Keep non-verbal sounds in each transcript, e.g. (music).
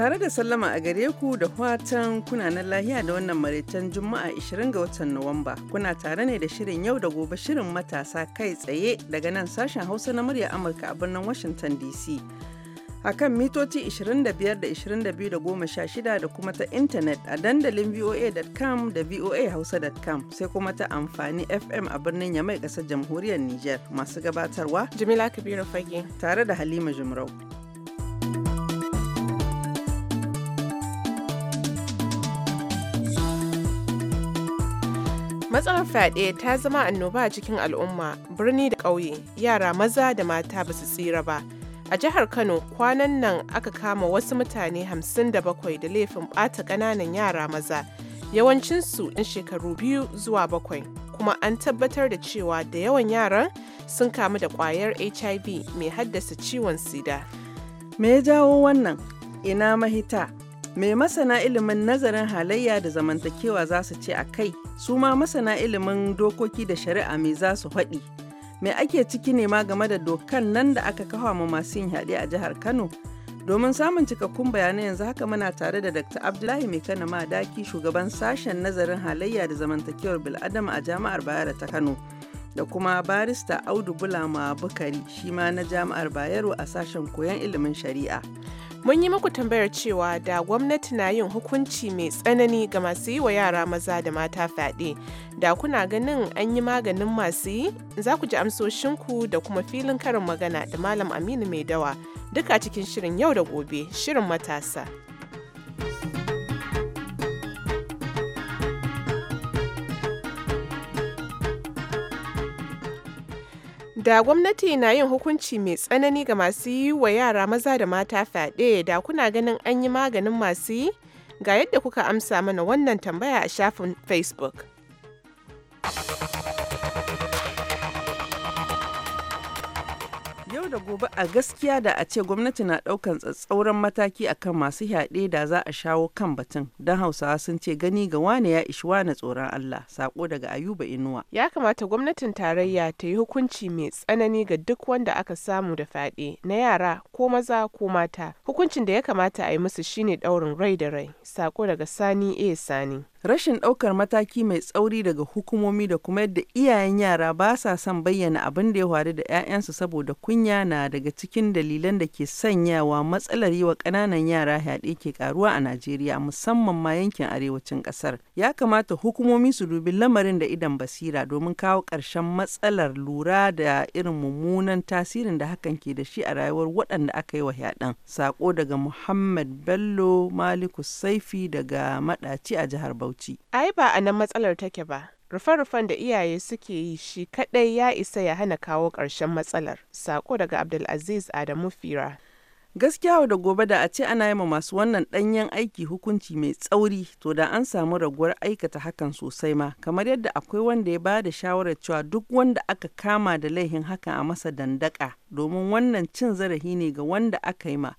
tare da sallama a gare ku da watan nan lahiya da wannan maraitan juma'a 20 ga watan nuwamba kuna tare ne da shirin yau da gobe shirin matasa kai tsaye daga nan sashen hausa na murya amurka a birnin washington dc a kan mitoci 25 da 22 da 16 da kuma ta intanet a dandalin voa.com da voahausa.com sai kuma ta amfani fm a birnin yamai kasar jamhuriyar niger masu gabatarwa jimila kabiru fage tare da halima jumrau Matsalar fyaɗe ta zama annoba a cikin al'umma, birni da ƙauye, yara maza da mata ba su tsira ba. A jihar Kano kwanan nan aka kama wasu mutane hamsin da bakwai da laifin ɓata ƙananan yara maza, yawancinsu 'yan shekaru biyu zuwa bakwai, kuma an tabbatar da cewa da yawan yaran sun kamu da ƙwayar HIV mai haddasa ciwon sida. Me ya jawo wannan? Ina mahita? Mai masana ilimin nazarin halayya da zamantakewa za su ce a kai, su ma masana ilimin dokoki da shari'a mai za su haɗi. Me ake ciki ne ma game da dokan nan da aka kawo ma masu yin haɗe a jihar Kano? Domin samun cikakkun bayanai yanzu haka muna tare da Dr. Abdullahi mai Mekano Madaki, shugaban sashen nazarin halayya da zamantakewar bil'adama a jami'ar Bayero ta Kano. da kuma barista Audu Bulama Bukari shi ma na jami'ar Bayero a sashen koyon ilimin shari'a. Mun yi muku tambayar cewa da gwamnati na yin hukunci mai tsanani ga masu yi wa yara maza da mata fyaɗe, da kuna ganin an yi maganin masu yi, za ku ji amsoshinku da kuma filin karin magana da Malam Aminu Mai Dawa, duka cikin shirin yau da gobe, shirin matasa. Da gwamnati na yin hukunci mai tsanani ga masu yi wa yara maza da mata fyaɗe da kuna ganin an yi maganin masu yi? Ga yadda kuka amsa mana wannan tambaya a shafin Facebook. Yau da gobe a gaskiya da a ce gwamnati na ɗaukan tsatsauran mataki akan masu yaɗe da za a shawo kan batun don hausawa sun ce gani ga wane ya ishi wane tsoron Allah sako daga Ayuba Inuwa. Ya kamata gwamnatin tarayya ta yi hukunci mai tsanani ga duk wanda aka samu da fyaɗe na yara ko maza ko mata. Hukuncin da ya kamata a yi musu shine daurin rai da rai sako daga Sani e Sani. Rashin ɗaukar mataki mai tsauri daga hukumomi da kuma yadda iyayen yara ba sa son bayyana abin da ya faru da 'ya'yansu saboda kunya na daga cikin dalilan da ke sanyawa matsalar yi wa ƙananan yara yaɗe ke karuwa a Najeriya musamman ma yankin arewacin ƙasar. Ya kamata hukumomi su dubi lamarin da idan basira domin kawo ƙarshen matsalar lura da irin mummunan tasirin da hakan ke da shi a rayuwar waɗanda aka yi wa yaɗan. Sako daga Muhammad Bello Maliku Saifi daga Maɗaci a jihar Bauchi. Bauchi. Ai ba a nan matsalar take ba. Rufe-rufen da iyaye suke yi shi kaɗai ya isa ya hana kawo ƙarshen matsalar. Sako daga Abdulaziz Adamu Fira. Gaskiya da gobe da a ce ana yi ma masu wannan ɗanyen aiki hukunci mai tsauri to da an samu raguwar aikata hakan sosai ma kamar yadda akwai wanda ya ba da shawarar cewa duk wanda aka kama da laihin hakan a masa dandaka domin wannan cin zarafi ne ga wanda aka yi ma.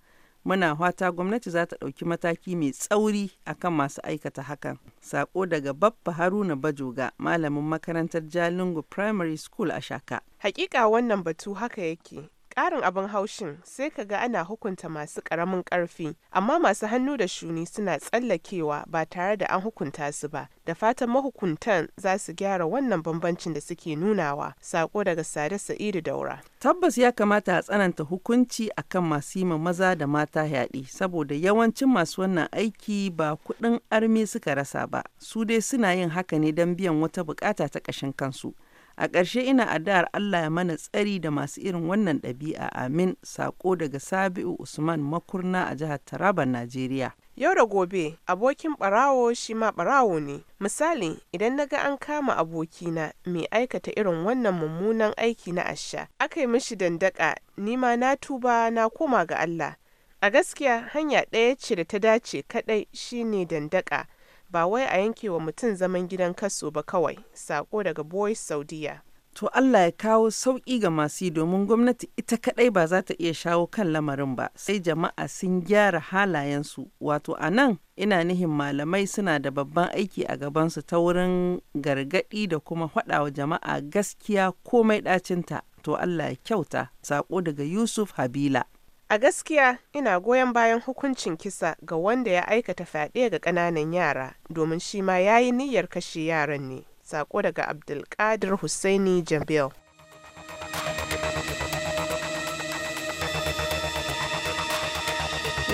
muna fata gwamnati za ta ɗauki mataki mai tsauri akan masu aikata hakan sako daga babba haruna bajoga malamin makarantar jalingo primary school a shaka hakika wannan batu haka yake Ƙarin abin haushin sai ka ga ana hukunta masu ƙaramin ƙarfi, amma masu hannu da shuni suna tsallakewa ba tare da an hukunta su ba. Da fatan mahukuntan za su gyara wannan bambancin da suke nunawa, sako daga Sade Sa'idu Daura. Tabbas ya kamata a tsananta hukunci akan masu yi maza da mata yaɗi, saboda yawancin masu wannan aiki ba kuɗin armi suka rasa ba, su dai suna yin haka ne don biyan wata buƙata ta ƙashin kansu. A ƙarshe ina addu'ar Allah ya mana tsari da masu irin wannan ɗabi'a amin sako daga Sabi'u Usman Makurna a jihar Taraba, Najeriya. Yau da gobe abokin ɓarawo shi ma ɓarawo ne. Misali idan naga an kama abokina mai aikata irin wannan mummunan aiki na asha, aka yi mishi dandaka nima na tuba na koma ga Allah. A gaskiya hanya ɗaya ce da ta dace kaɗai shine dandaka. ba wai a yanke wa mutum zaman gidan kaso ba kawai sako daga boys saudiya to allah ya kawo sauƙi ga masu yi domin gwamnati ita kaɗai ba za ta iya shawo kan lamarin ba sai jama'a sun gyara halayensu wato a nan ina nihin malamai suna da babban aiki a gabansu ta wurin gargaɗi da kuma wa jama'a gaskiya komai ɗacinta to allah ya kyauta sako daga yusuf habila A gaskiya ina goyon bayan hukuncin kisa ga wanda ya aikata fyaɗe ga ƙananan yara domin shi ma ya yi niyyar kashe yaran ne. Sako daga Abdulkadir Hussaini jabil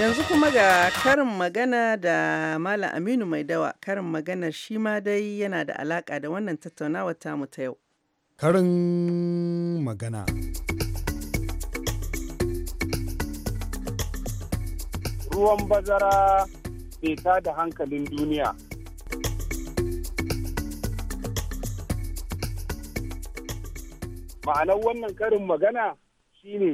Yanzu kuma ga karin magana da Malam Aminu Mai Dawa, karin maganar shi ma dai yana da alaƙa da wannan tattaunawa tamu ta yau. Karin magana. ruwan bazara bai ta da hankalin duniya ma'anar wannan karin magana shine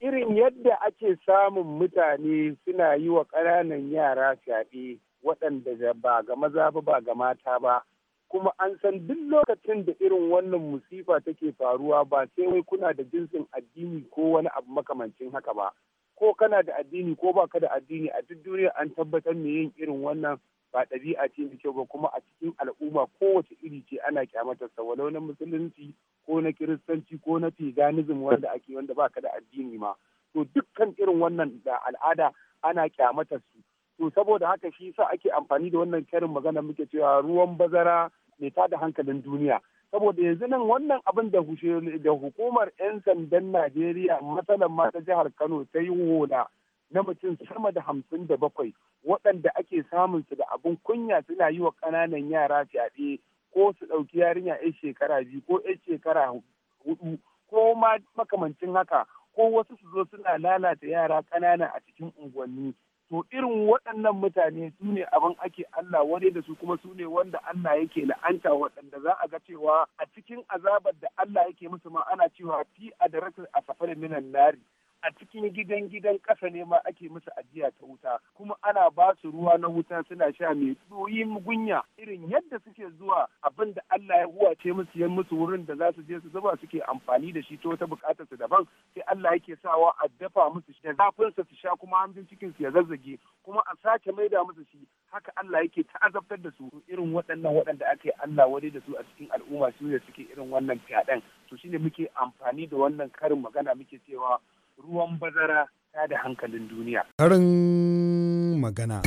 irin yadda ake samun mutane suna yi wa ƙananan yara fyaɗe waɗanda ba ga maza ba ba ga mata ba kuma an san duk lokacin da irin wannan musifa take faruwa ba sai wai kuna da jinsin addini ko wani abu makamancin haka ba ko kana da addini ko ba ka da addini a duk duniya an tabbatar me yin irin wannan ba ɗabi'a ce mai kyau ba kuma a cikin al'umma kowace iri ce ana kyamatar sa walau na musulunci ko na kiristanci ko na paganism wanda ake wanda ba ka da addini ma to dukkan irin wannan da al'ada ana kyamatar su to saboda haka shi sa ake amfani da wannan karin magana muke cewa ruwan bazara mai tada hankalin duniya saboda yanzu nan wannan abin da hukumar 'yan sandan najeriya matsalar ma ta jihar kano ta yi hula na mutum sama da hamsin da bakwai waɗanda ake samun su da abin kunya suna yi wa ƙananan yara fyaɗe ko su ɗauki yarinya 'yan shekara biyu ko 'yan shekara hudu ko ma makamancin haka ko wasu su zo suna lalata yara ƙanana a cikin unguwanni to irin waɗannan mutane su ne abin ake Allah wani da su kuma su ne wanda Allah yake la'anta waɗanda za a ga cewa a cikin azabar da Allah yake musu ma ana cewa fi a da a safarin minan nari a cikin gidan gidan ƙasa ne ma ake musu ajiya ta wuta kuma ana ba su ruwa na wuta suna sha mai tsoyin gunya irin yadda suke zuwa abin da Allah ya huwace musu yan musu wurin da za su je su zuba suke amfani da shi to ta bukatar su daban sai Allah yake sawa a dafa musu shi da zafin su sha kuma hamjin cikin su ya zazzage kuma a sake maida musu shi haka Allah yake ta'azabtar da su irin waɗannan waɗanda ake Allah wadai da su a cikin al'umma su ne suke irin wannan fyaɗen to shine muke amfani da wannan karin magana muke cewa ruwan bazara ta da hankalin duniya. Karin magana.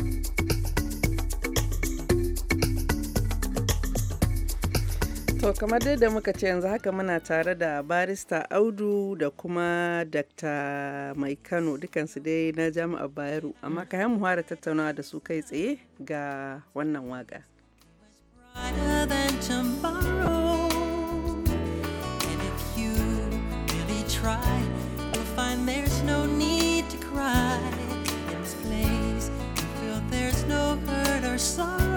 To kamar dai da muka ce yanzu haka muna tare da barista Audu da kuma Dr. Mai Kano dukansu dai na jami'ar Bayero amma ka yi muhara tattaunawa da su kai tsaye ga wannan waka. Brighter than no need to cry in this place. feel there's no hurt or sorrow.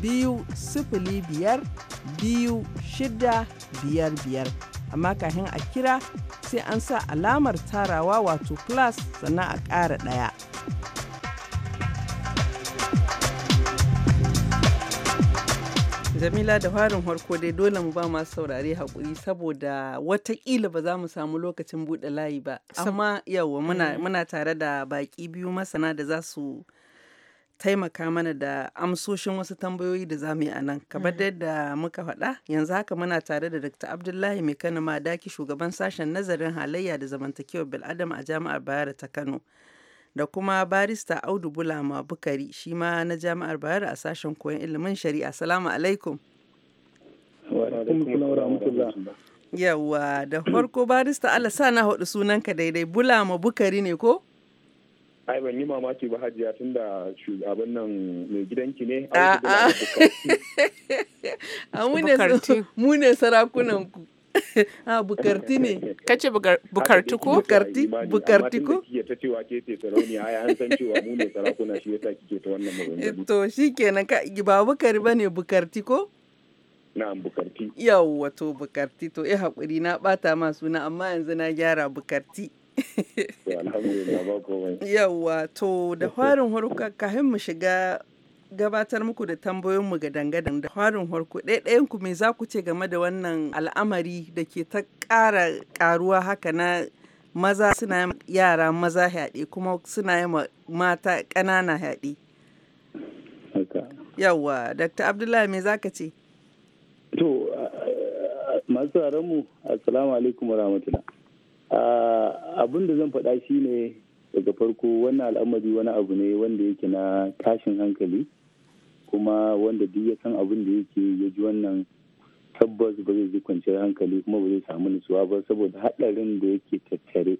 biyu sifili biyar biyu shida biyar biyar amma kafin a kira sai an sa alamar tarawa wato plus sannan a ƙara ɗaya. jamila da farin harko dai dole mu ba masu saurare haƙuri saboda watakila ba za mu samu lokacin buɗe layi ba amma yawa mm. muna, tare da baƙi biyu masana da za su taimaka mana da amsoshin wasu tambayoyi da zamu yi a nan. Kamar mm-hmm. yadda muka faɗa, yanzu haka muna tare da Dr. Abdullahi Mai Kano Madaki, shugaban sashen nazarin halayya da zamantakewar bil'adam a Jami'ar Bayero ta Kano. Da kuma barista Audu Bulama Bukari, shi ma na Jami'ar Bayero a sashen koyon ilimin shari'a. Assalamu alaikum. Yawwa, da farko barista Allah sa na haɗu sunanka daidai, Bulama Bukari ne ko? ai ban yi mamaki ba hajiya tun da shugaban nan mai gidanki ne a mune sarakunan ku a bukarti ne (laughs) (laughs) (laughs) kace bukarti ko bukarti bukarti ko ya ta cewa ke ce sarauni ai an san cewa mu ne sarakuna shi yasa kike ta wannan magana to shikenan ka ba bukari bane bukarti ko na'am bukarti yawwa to bukarti to eh hakuri na bata ma suna amma yanzu na gyara bukarti (laughs) Yawwa to da farin harko kafin mu shiga gabatar muku da tambayoyinmu ga dangadan da farin harko ɗayan ku me za ku ce game da wannan al'amari da ke ta ƙara ƙaruwa haka na maza suna yara maza haɗe kuma suna yi mata ƙanana haɗe. Yawwa, Dr. Abdullahi me za ka ce? To, masu mu assalamu alaikum wa rahmatullah. abin da zan faɗa shi ne daga farko wannan al'amari wani abu ne wanda yake na tashin hankali kuma wanda duk ya san abin da yake ya ji wannan tabbas ba zai ji kwanciyar hankali kuma ba zai samu nutsuwa ba saboda haɗarin da yake tattare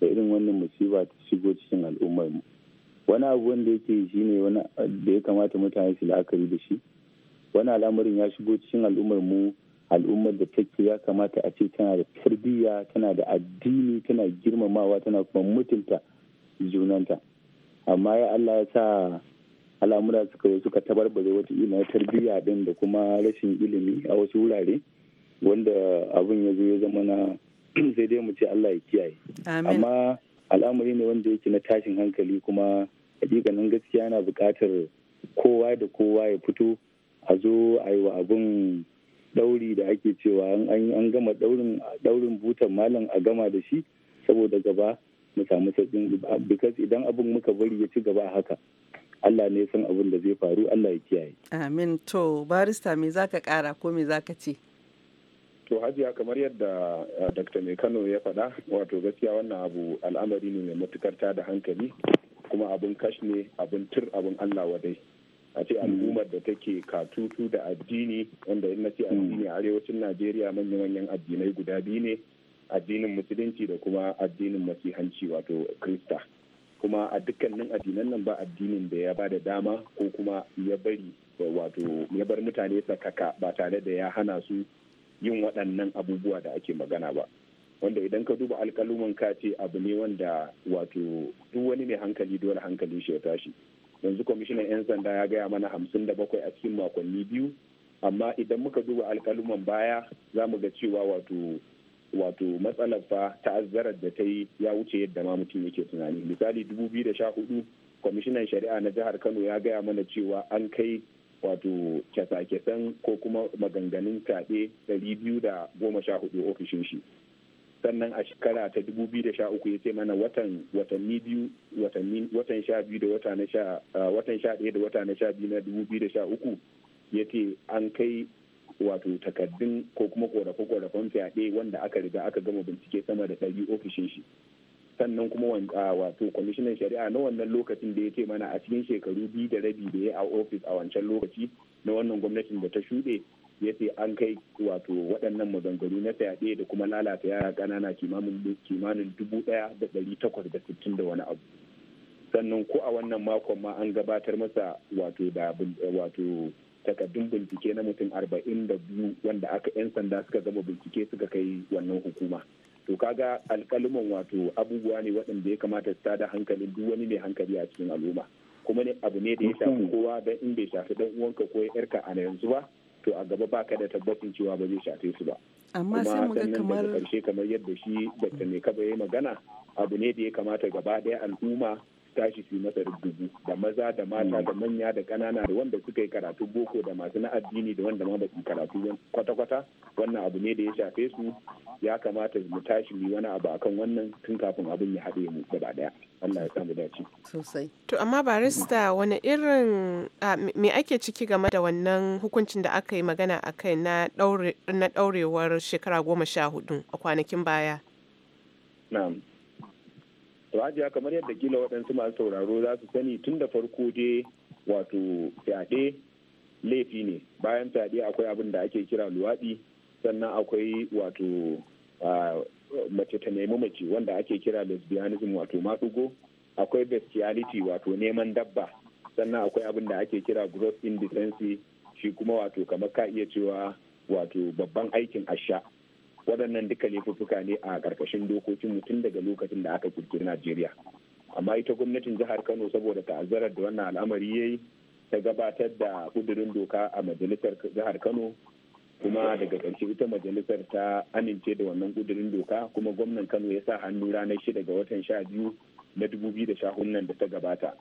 da irin wannan musiba ta shigo cikin al'ummar mu wani abu wanda yake shi ne da ya kamata mutane su la'akari da shi wani al'amarin ya shigo cikin al'ummar mu al'ummar da take ya kamata a ce tana da tarbiyya tana da addini tana girmamawa tana kuma mutunta junanta amma ya allah ya sa al'amura suka yi suka tabarbare wata na tarbiyya din da kuma rashin ilimi a wasu wurare wanda abin ya zo ya zama na (clears throat) sai dai mu ce allah ya kiyaye amma al'amari ne wanda yake na tashin hankali kuma hakikanin gaskiya na buƙatar kowa da kowa ya fito a zo a yi wa abin dauri da ake cewa an gama ɗaurin butan malam a gama da shi saboda gaba mu samu sauƙin because idan abin muka bari ya ci gaba haka Allah ne san abin da zai faru Allah ya kiyaye. Amin to barista me zaka kara ko me zaka ce? To hajiya kamar yadda eh, Dr. Mai Kano ya faɗa wato gaskiya wannan abu al'amari ne mai matukar da hankali kuma abin kash ne abin tur abin Allah wadai. a ce al'ummar da take katutu da addini wanda in na ce addini arewacin najeriya manyan manyan addinai guda biyu ne addinin musulunci da kuma addinin masihanci wato krista kuma a dukkanin addinan nan ba addinin da ya ba da dama ko kuma ya bari wato ya bar mutane sakaka ba tare da ya hana su yin waɗannan abubuwa da ake magana ba wanda idan ka duba alkaluman ka ce abu ne wanda wato duk wani mai hankali dole hankali shi ya tashi yanzu kwamishinan 'yan sanda ya gaya mana hamsin da bakwai a cikin makonni biyu amma idan muka duba alkaluman baya za mu ga cewa wato wato matsalar fa ta'azzarar da ta yi ya wuce yadda ma mutum yake tunani misali 2014 kwamishinan shari'a na jihar kano ya gaya mana cewa an kai wato kyasa-kyasan ko kuma maganganun kaɗe 214 ofishin shi sannan a shekara ta 2013 ya ce mana watan watanni biyu watan sha biyu da wata sha watan sha ɗaya da wata na sha biyu na 2013 ya ce an kai wato takardun ko kuma korafe-korafen fyaɗe wanda aka riga aka gama bincike sama da ɗari ofishin shi sannan kuma wato kwamishinan shari'a na wannan lokacin da ya ce mana a cikin shekaru biyu da rabi da ya a ofis a wancan lokaci na wannan gwamnatin da ta shuɗe ya ce an kai wato waɗannan maganganu na fyaɗe da kuma lalata yara ƙanana kimanin dubu ɗaya da ɗari takwas da sittin da wani abu sannan ko a wannan makon ma an gabatar masa wato da wato takaddun bincike na mutum arba'in da biyu wanda aka 'yan sanda suka gama bincike suka kai wannan hukuma to kaga alkaluman wato abubuwa ne waɗanda ya kamata su tada hankalin duk wani mai hankali a cikin al'umma kuma ne abu ne da ya shafi kowa don in bai shafi dan uwanka ko yarka a na yanzu ba to a gaba baka da tabbacin cewa ba zai shafe su ba amma sai mu ga kamar karshe kamar yadda shi Dr. kaba ya yi magana abu ne da ya kamata gaba daya al'umma tashi su masa dubu da maza da mata da manya da ƙanana da wanda suka yi karatu boko da masu na addini da wanda ma ba su karatu kwata-kwata wannan abu ne da ya shafe su ya kamata mu tashi mu wani abu akan wannan tun kafin abin ya haɗe mu gaba ɗaya Allah ya samu dace sosai to amma barista wani irin me ake ciki game da wannan hukuncin da aka yi magana akai na daurewar shekara goma sha hudu a kwanakin baya rajiya kamar yadda kila waɗansu masu sauraro za su sani tun da farko dai wato fyaɗe laifi ne bayan fyaɗe akwai abin da ake kira luwaɗi sannan akwai wato mace ta nemi mace wanda ake kira lesbianism wato maɗugo akwai bestiality wato neman dabba sannan akwai abin da ake kira gross indecency shi kuma wato kamar ka iya cewa wato babban aikin asha waɗannan duka laifuka ne a ƙarƙashin dokokin mutum daga lokacin da aka ƙirƙiri najeriya amma ita gwamnatin jihar kano saboda ta'azzarar da wannan al'amari ya yi ta gabatar da kudurin doka a majalisar jihar kano kuma daga ƙarshe ita majalisar ta amince da wannan kudurin doka kuma gwamnan kano ya sa hannu ranar shida ga watan sha biyu na dubu biyu da sha hunnan da ta gabata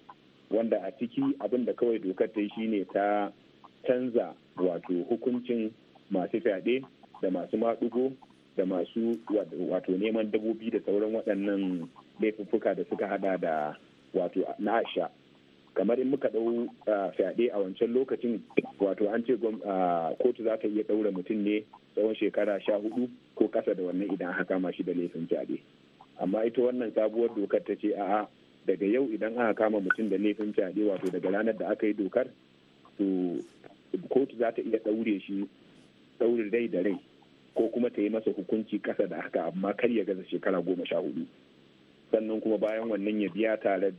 wanda a ciki abin da kawai dokar ta yi shine ta canza wato hukuncin masu fyaɗe da masu maɗugo da masu wato neman dabobi da sauran waɗannan laifuffuka da suka hada da wato na asha kamar in muka ɗau fyaɗe a wancan lokacin wato an ce kotu za ta iya ɗaura mutum ne tsawon shekara sha hudu ko ƙasa da wannan idan aka kama shi da laifin fyaɗe amma ita wannan sabuwar dokar ta ce a'a daga yau idan aka kama mutum da laifin fyaɗe wato daga ranar da aka yi dokar to kotu za ta iya ɗaure shi ɗaure rai da rai ko kuma ta yi masa hukunci kasa da haka amma kar ya gaza shekara goma sha hudu sannan kuma bayan wannan ya biya tare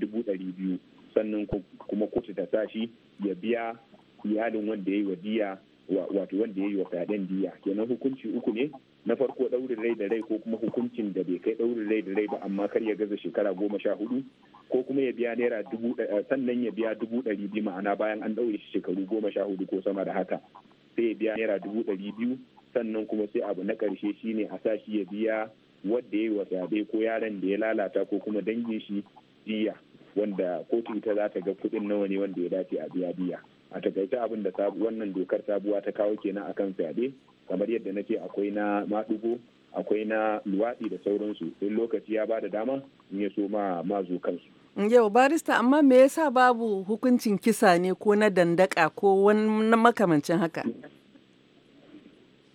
dubu ɗari biyu sannan kuma kotu ta sashi ya biya iyalin wanda ya yi wa diya wato wanda ya yi wa fyaɗen diya kenan hukunci uku ne na farko ɗaurin rai da rai ko kuma hukuncin da bai kai ɗaurin rai da rai ba amma kar ya gaza shekara goma sha hudu ko kuma ya biya naira dubu eh, sannan ya biya dubu ɗari biyu ma'ana bayan an ɗaure shi shekaru goma sha hudu ko sama da haka sai ya biya naira dubu ɗari biyu sannan kuma sai abu na ƙarshe shine a sa shi ya biya wadda ya yi wa fyaɗe ko yaron da ya lalata ko kuma dangin shi diya wanda kotu ita za ta ga kuɗin nawa ne wanda ya dace a biya diya a takaice abin da wannan dokar sabuwa ta kawo kenan akan fyaɗe kamar yadda na ce akwai na maɗugo akwai na luwaɗi da sauransu in lokaci ya ba da dama in ya so ma mazo kansu yau barista amma me yasa babu hukuncin kisa ne ko na dandaka ko wani makamancin haka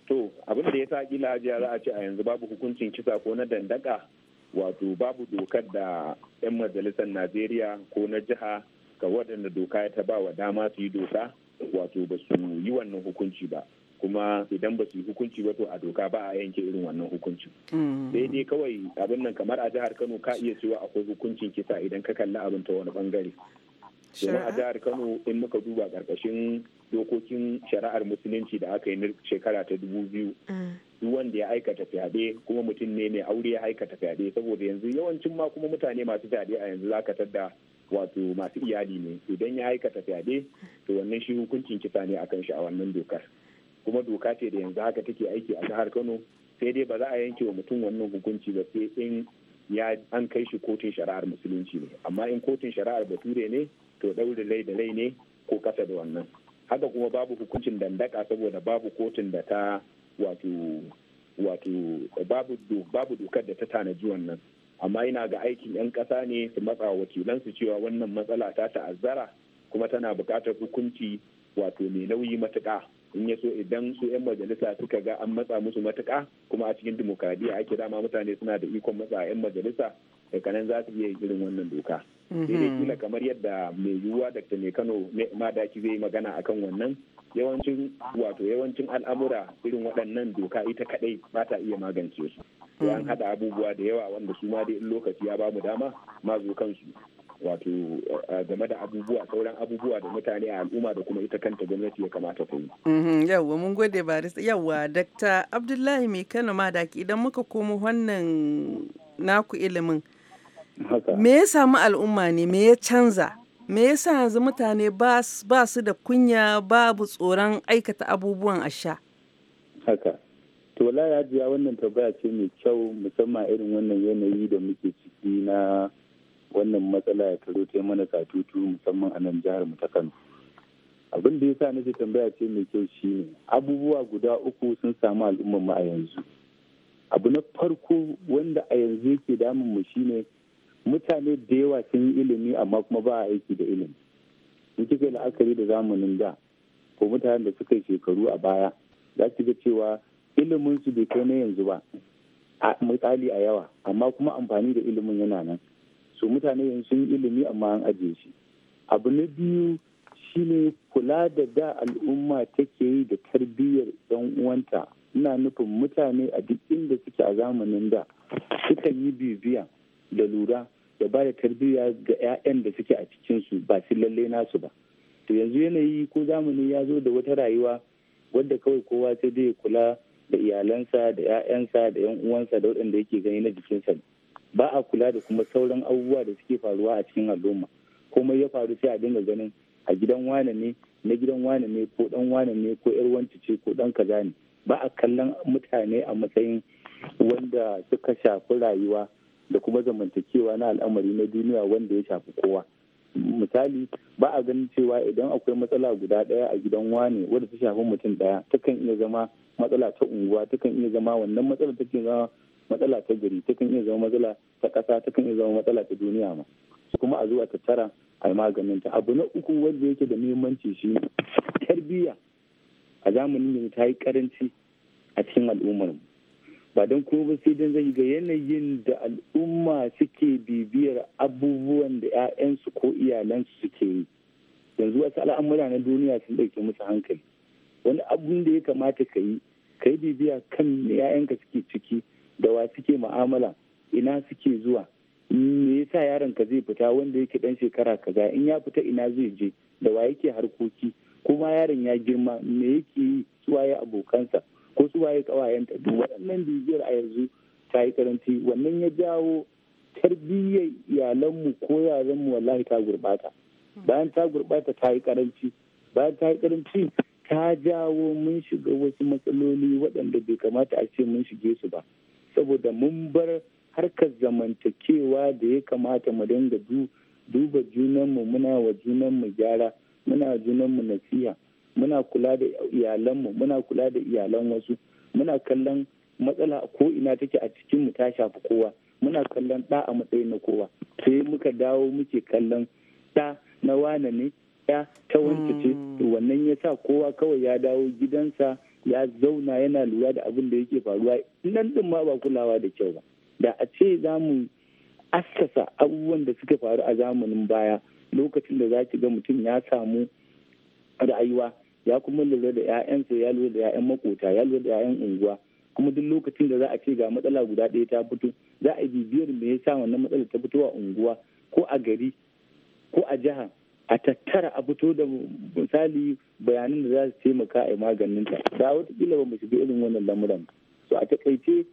to abin da ya sa kila ajiya za a ce a yanzu babu hukuncin kisa ko na dandaka wato babu dokar da 'yan majalisar najeriya ko na jiha ga waɗanda doka ya ba wa dama su yi doka wato ba su yi wannan hukunci ba kuma idan ba su yi hukunci ba to a doka ba a yanke irin wannan hukuncin mm. sai dai kawai abin nan kamar a jihar kano ka iya cewa akwai hukuncin kisa idan ka kalli abin ta wani bangare domin a jihar kano in muka duba karkashin dokokin shari'ar musulunci da aka yi na shekara ta dubu biyu mm. duk wanda ya aikata fyaɗe kuma mutum ne mai aure ya aikata fyaɗe saboda yanzu yawancin ma kuma mutane masu fyaɗe a yanzu ka da wato masu iyali ne idan ya aikata fyaɗe to wannan shi hukuncin kisa ne akan shi a wannan dokar kuma doka ce da yanzu haka take aiki a jihar Kano sai dai ba za a yanke wa mutum wannan hukunci ba sai in ya an kai shi kotun shari'ar musulunci ne amma in kotun shari'ar bature ne to ɗaure lai da lai ne ko kasa da wannan haka kuma babu hukuncin dandaka saboda babu kotun da ta wato wato babu babu dokar da ta tanaji wannan amma ina ga aikin 'yan ƙasa ne su matsa wakilansu cewa wannan matsala ta ta'azzara kuma tana buƙatar hukunci wato mai nauyi matuƙa in ya so idan su 'yan majalisa suka ga an matsa musu matuka kuma a cikin dimokuraɗiyya ake dama mutane suna da ikon matsa 'yan majalisa daga nan za su iya irin wannan doka mhm. sai dai kila kamar yadda mai yiwuwa dakta kano madaki zai magana a kan wannan yawancin wato yawancin al'amura irin waɗannan doka ita kaɗai ba ta iya magance su an mhm. haɗa abubuwa da yawa wanda su ma dai lokaci ya ba mu dama ma zo kansu wato game da abubuwa sauran abubuwa da mutane a al'umma da kuma ita kanta gwamnati ya kamata ta yi. Mhm, yawwa mun gode da yawwa dakta abdullahi mai kano madaki idan muka komo wannan naku ilimin me ya samu al'umma ne me ya canza me ya sa yanzu mutane ba su da kunya babu tsoron aikata abubuwan a sha haka to ya jiya wannan tambaya ce mai kyau musamman irin wannan yanayi da muke ciki na wannan matsala ya taro ta mana katutu musamman a nan jihar mu ta kano abin da ya sa nake tambaya ce mai kyau shine abubuwa guda uku sun samu al'ummar mu a yanzu abu na farko wanda a yanzu yake damun mu shine mutane da yawa sun yi ilimi amma kuma ba aiki da ilimi in kika yi la'akari da zamanin da ko mutanen da suka yi shekaru a baya za ki ga cewa ilimin su bai kai na yanzu ba a misali a yawa amma kuma amfani da ilimin yana nan su mutane yanzu sun yi ilimi amma an ajiye shi abu na biyu shine kula da da al'umma take yi da tarbiyyar yan uwanta ina nufin mutane a duk inda suke a zamanin da sukan yi bibiya. da lura da ba da tarbiyya ga 'ya'yan da suke a cikinsu ba su lalle nasu ba to yanzu yanayi ko zamani ya zo da wata rayuwa wadda kawai kowa sai dai kula da iyalansa da 'ya'yansa da 'yan uwansa da waɗanda yake gani na jikinsa ba a kula da kuma sauran abubuwa da suke faruwa a cikin al'umma komai ya faru sai a dinga ganin a gidan wane ne na gidan wane ne ko dan wane ne ko yar wancan ce ko dan kaza ne ba a kallon mutane a matsayin wanda suka shafi rayuwa da kuma zamantakewa na al'amari na duniya wanda ya shafi kowa misali ba a ganin cewa idan akwai matsala guda ɗaya a gidan wane wadda ta shafi mutum ɗaya takan iya zama matsala ta unguwa takan iya zama wannan matsala take zama matsala ta gari takan iya zama matsala ta ƙasa takan iya zama matsala ta duniya ma kuma a zuwa tattara a maganin ta abu na uku wanda yake da muhimmanci shi tarbiyya a zamanin yanzu ta yi karanci a cikin al'ummar mu ba don kuma ba sai don zai ga yanayin da al'umma suke bibiyar abubuwan da 'ya'yansu ko iyalansu suke yi yanzu wasu al'amura na duniya sun ɗauke musu hankali wani abun da ya kamata ka yi ka yi bibiya kan 'ya'yanka suke ciki da wa suke mu'amala ina suke zuwa me yasa yaron ka zai fita wanda yake dan shekara kaza in ya fita ina zai je da wa yake harkoki kuma yaron ya girma me yake yi suwaye abokansa ko su waye kawayenta duk waɗannan bibiyar a yanzu ta yi karanti wannan ya jawo tarbiyyar iyalanmu ko yaranmu wallahi ta gurbata bayan ta gurbata ta yi karanci bayan ta yi karanci ta jawo mun shiga wasu matsaloli waɗanda bai kamata a ce mun shige su ba saboda mun bar harkar zamantakewa da ya kamata mu dinga duba junanmu muna wa junanmu gyara muna junanmu nasiha muna kula da iyalanmu muna kula da iyalan wasu muna kallon matsala ko ina take a cikin mu ta shafi kowa muna kallon ɗa a matsayin na kowa sai muka dawo muke kallon ɗa na wane ne ya ta wanke ce mm. wannan ya sa kowa kawai ya dawo gidansa ya zauna yana lura da abin da yake faruwa nan din ma ba kulawa da kyau ba da a ce za mu askasa abubuwan da suka faru a zamanin baya lokacin da za ki ga mutum ya samu rayuwa ya kuma lura da 'ya'yansa ya lura da 'ya'yan makota ya lura da 'ya'yan unguwa kuma duk lokacin da za a ce ga matsala guda ɗaya ta fito za a bibiyar me yasa wannan matsala ta fito a unguwa ko a gari ko a jiha a tattara a fito da misali bayanan da za su taimaka a maganin ta da watakila ba mu shiga irin wannan lamuran so a takaice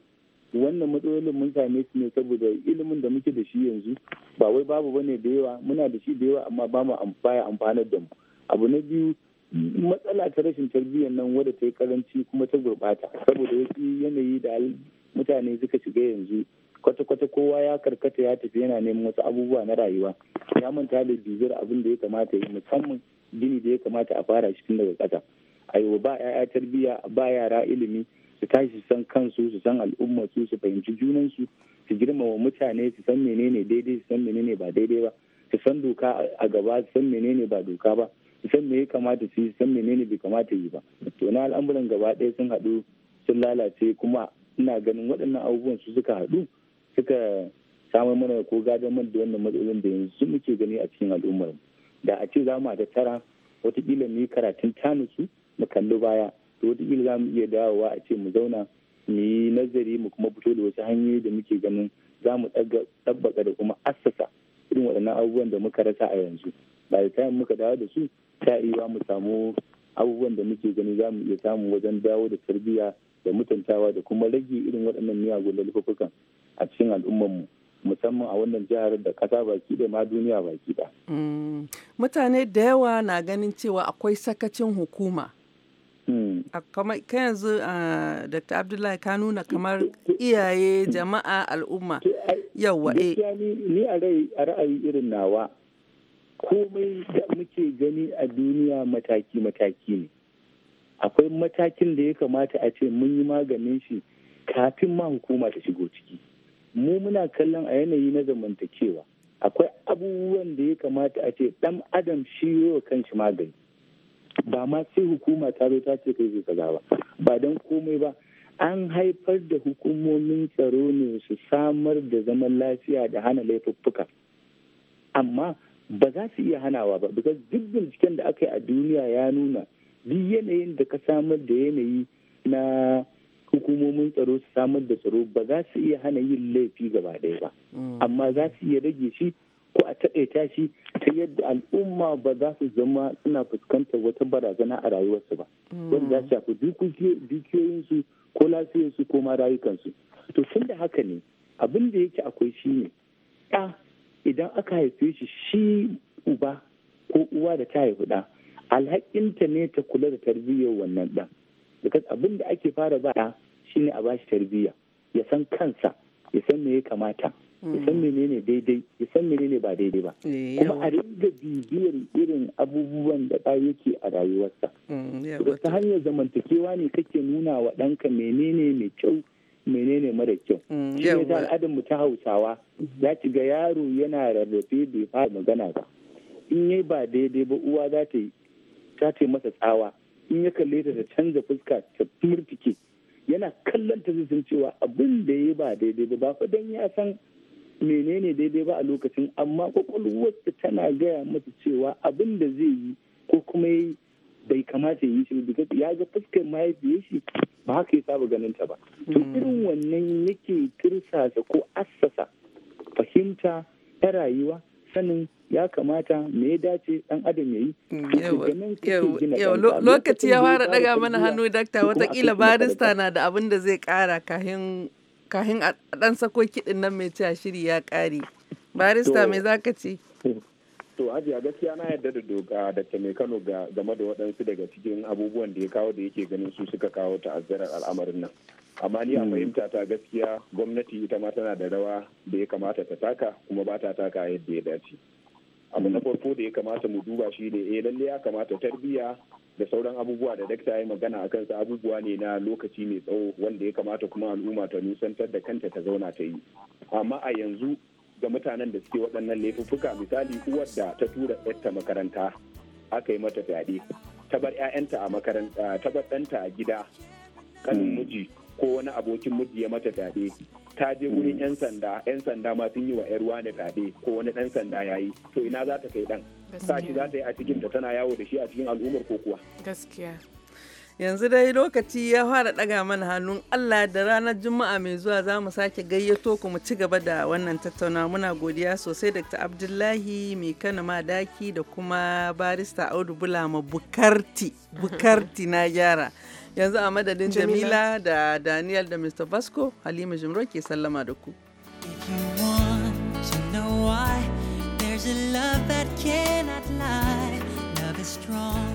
wannan matsalolin mun same su ne saboda ilimin da muke da shi yanzu ba wai babu bane da yawa muna da shi da yawa amma ba mu amfana da mu abu na biyu matsala ta rashin tarbiyyar nan wadda ta yi karanci kuma ta gurɓata saboda wasu yanayi da mutane suka shiga yanzu kwata-kwata kowa ya karkata ya tafi yana neman wasu abubuwa na rayuwa ya manta da jizir abin da ya kamata yi musamman gini da ya kamata a fara shi tun daga ƙasa aiwa ba 'ya'ya tarbiyya ba yara ilimi su tashi su san kansu su san al'umma su su fahimci junansu su girmama mutane su san menene daidai su san menene ba daidai ba su san doka a gaba su san menene ba doka ba su san me ya kamata su yi su san menene bai kamata yi ba to na al'amuran gaba ɗaya sun haɗu sun lalace kuma ina ganin waɗannan abubuwan su suka haɗu suka samar mana ko gadon mana da wannan matsalolin da yanzu muke gani a cikin al'ummar da a ce za mu haɗa tara watakila mu yi karatun tanusu mu kalli baya to watakila za mu iya dawowa a ce mu zauna mu yi nazari mu kuma fito da wasu hanyoyi da muke ganin za mu ɗabbaka da kuma assasa irin waɗannan abubuwan da muka rasa a yanzu ba da muka dawo da su ta iya mu samu abubuwan da muke gani za mu iya samu wajen dawo da tarbiyya da mutuntawa da kuma rage irin waɗannan miyagun lalufukan a cikin al'ummarmu musamman a wannan jihar da ƙasa baki da ma duniya baki da. Mm. Mutane da yawa na ganin cewa akwai sakacin hukuma. Mm. kamar yanzu ah, dr abdullahi ka nuna kamar iyaye jama'a al'umma yawa eh. ni a ra'ayi irin nawa komai da muke gani a duniya mataki-mataki ne akwai matakin da ya kamata a ce mun yi maganin shi kafin ma hukuma ta shigo ciki mu muna kallon a yanayi na zamantakewa akwai abubuwan da ya kamata a ce dan adam shi yiwa kanshi magani ba ma sai hukuma ta zo ta ce kai kaza ba ba don komai ba an haifar da hukumomin tsaro ne su samar da zaman lafiya da hana laifuffuka amma ba za su iya hanawa ba because duk binciken da aka yi a duniya ya nuna duk yanayin da ka samar da yanayi na hukumomin tsaro su samar da tsaro ba za su iya hana yin laifi gaba ɗaya ba mm. amma za su iya rage shi ko a taƙaita shi ta yadda al'umma ba za su zama suna fuskantar wata barazana a rayuwarsu ba mm. wanda za su shafi dukiyoyinsu ko lafiyarsu ko ma rayukansu to tun da haka ne abin da yake akwai shi ne idan aka haife shi shi uba ko uwa da ta haifi ɗa alhakinta ne ta kula da tarbiyyar wannan ɗan because abin da ake fara ba shine a bashi tarbiyya ya san kansa ya san me ya kamata ya san mm. menene daidai ya san menene ba daidai ba eh, kuma a ringa bibiyar irin abubuwan da ɗa yake a rayuwarsa mm, ta hanyar zamantakewa ne kake nuna wa ɗanka menene mai kyau menene mara kyau mm, shi ne ta al'adar mu ta hausawa za ki ga yaro yana rarrafe bai fara magana ba in yi ba daidai ba uwa za ta yi ta yi masa tsawa in ya kalle ta ta canza fuska ta murtike yana kallon ta zuzun cewa abin da ya ba daidai ba ba fa dan ya san menene daidai ba a lokacin amma kwakwalwarsa tana gaya masa cewa abin da zai yi ko kuma bai kamata ya yi shi ya ga fuskar mahaifiyar shi ba haka ya saba ganin ta ba to hmm. irin wannan yake tirsasa ko assasa fahimta ta rayuwa sanin ya kamata me ya dace dan adam ya yi hmm, lokaci ya fara daga mana hannu dakta watakila barista na da abin da zai kara kahin kahin a dan sako kiɗin nan mai cewa shiri ya kare barista me zaka ci. To Hajiya gaskiya na yarda da doka da ta mai Kano game da waɗansu daga cikin abubuwan da ya kawo da yake ganin su suka kawo ta'azzarar al'amarin nan. Amma ni a hmm. fahimta ta gaskiya gwamnati ita ma tana da rawa da ya kamata ta taka kuma ba ta taka yadda ya dace. Abu na hmm. farko da ya kamata mu duba shi ne eh lalle ya kamata tarbiyya da sauran abubuwa da dakta ya magana a kansa abubuwa ne na lokaci mai tsawo wanda ya kamata kuma al'umma ta nusantar da kanta ta zauna ta yi. Amma a yanzu ga mutanen da suke waɗannan laifuffuka misali uwar da ta tura ɗanta makaranta aka yi mata fyaɗe ta bar ƴaƴanta a makaranta ta bar ɗanta a gida kanin hmm. miji ko wani abokin miji ya mata fyaɗe ta je hmm. wurin 'yan sanda 'yan sanda ma sun yi wa 'yar wani fyaɗe ko wani ɗan sanda yayi, to ina za ta kai ɗan sa shi za ta yi a cikin ta tana yawo da shi a cikin al'ummar ko kuwa gaskiya yanzu dai lokaci ya fara daga mana hannun Allah da ranar Juma'a mai zuwa za mu sake gayyato ku mu ci gaba da wannan tattauna muna godiya sosai Dr. Abdullahi mai ma Madaki da kuma barista Audu Bulama Bukarti Bukarti na gyara yanzu a madadin Jamila da Daniel da Mr. Vasco Halima Jimro ke sallama da ku strong.